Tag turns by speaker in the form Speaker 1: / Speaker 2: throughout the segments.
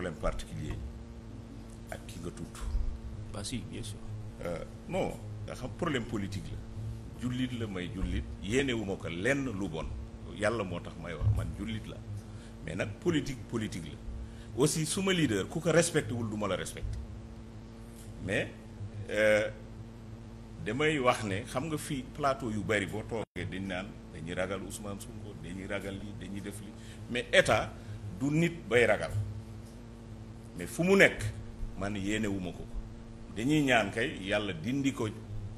Speaker 1: problème particulier ak ki nga tudd. ah si bien sûr. Euh, nga xam problème politique la jullit la may jullit yéenewuma ko lenn lu bon yàlla moo tax may wax man jullit la mais nag politique politique la aussi suma leader ku ko respecté wul du ma la respecté mais euh, damay wax ne xam nga fii plateau yu bari boo toogee dañ naan dañuy ragal Ousmane Sonko dañuy ragal lii dañuy def lii mais état du nit bay ragal. mais fu mu nekk man yéenewuma ko dañuy ñaan kay yàlla dindi ko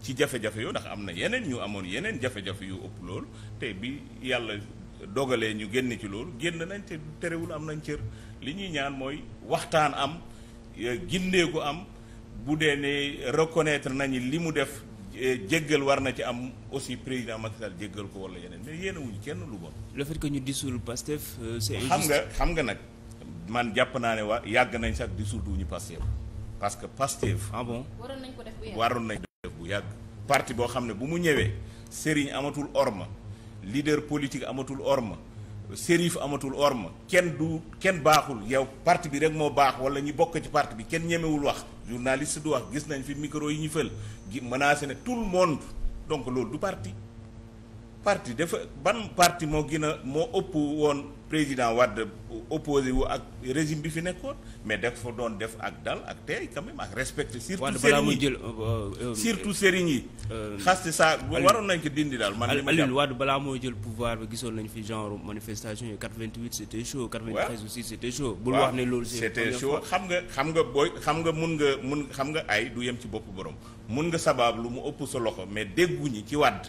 Speaker 1: ci jafe-jafe yoo ndax am na yeneen ñu amoon yeneen jafe-jafe yu ëpp loolu te bi yàlla dogalee ñu génn ci loolu génn nañ te terewul am nañ cër li ñuy ñaan mooy waxtaan am ko am bu dee nee reconnaitre nañu li mu def e, jéggal war na ci am aussi président Macky Sall ko wala yeneen mais yéen kenn lu bon. le fait que ñu disul Pastef euh, c'est xam nga xam nga nag. man jàpp naa ne waa yàgg nañ sax di surdu ñu Pastef parce que Pastef ah bon. waroon nañ ko def bu yàgg parti boo xam ne bu mu ñëwee sëriñ amatul orma leader politique amatul orma sérif amatul orma kenn du kenn baaxul yow parti bi rek moo baax wala ñi bokk ci parti bi kenn ñemewul wax journaliste du wax gis nañ fi micro yi ñu fël gi menacé ne tout le monde donc loolu du parti. parti dafa ban parti moo gën a moo ëpp woon président Wade opposé wu ak régime bi fi nekkoon mais def dafa doon def ak dal ak tey quand ak respecté surtout sëriñ yi euh, euh, euh, surtout sëriñ yi xaste saa waroon nañ ko dindi daal man li ma Aliou Wade balaa moo jël pouvoir bi gisoon nañ fi genre manifestation yi 88 c'était chaud 93 aussi c'était chaud bul wax ne loolu c'était chaud xam nga xam nga booy xam nga mun nga mun xam nga ay du yem ci bopp borom mun nga sabab lu mu ëpp sa loxo mais dégguñu ci Wade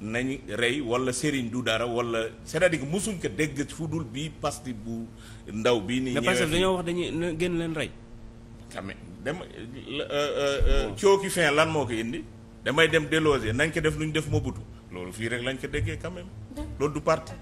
Speaker 1: nañ rey wala sëriñ du dara wala c'est-à-dire que ko dégg fu dul bii pasti bu ndaw bii. ni ñëwee mais dañoo wax dañuy génn leen rey. tamit dem euh, euh, euh, cooki fin lan moo ko indi damay dem déloger nañ ko def lu ñu def Mobutu loolu fii rek lañ ko déggee quand même. loolu du parti.